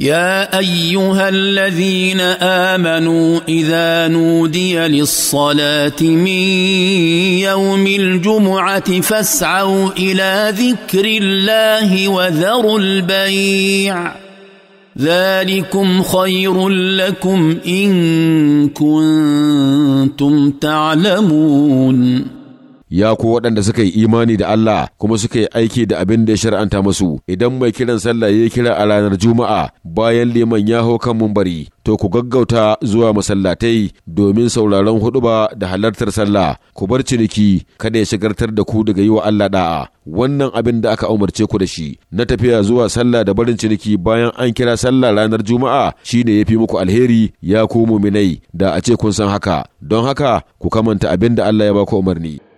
يا ايها الذين امنوا اذا نودي للصلاه من يوم الجمعه فاسعوا الى ذكر الله وذروا البيع ذلكم خير لكم ان كنتم تعلمون ya ku waɗanda suka yi imani da Allah kuma suka yi aiki da abin da ya shar'anta musu idan mai kiran sallah ya kira a ranar juma'a bayan liman ya hau kan mumbari to ku gaggauta zuwa masallatai domin sauraron huduba da halartar sallah ku bar ciniki kada ya shigartar da ku daga yi wa Allah da'a wannan abin da aka umarce ku da shi na tafiya zuwa sallah da barin ciniki bayan an kira sallah ranar juma'a shine yafi muku alheri ya ku muminai da a ce kun san haka don haka ku kamanta abin da Allah ya ba ku umarni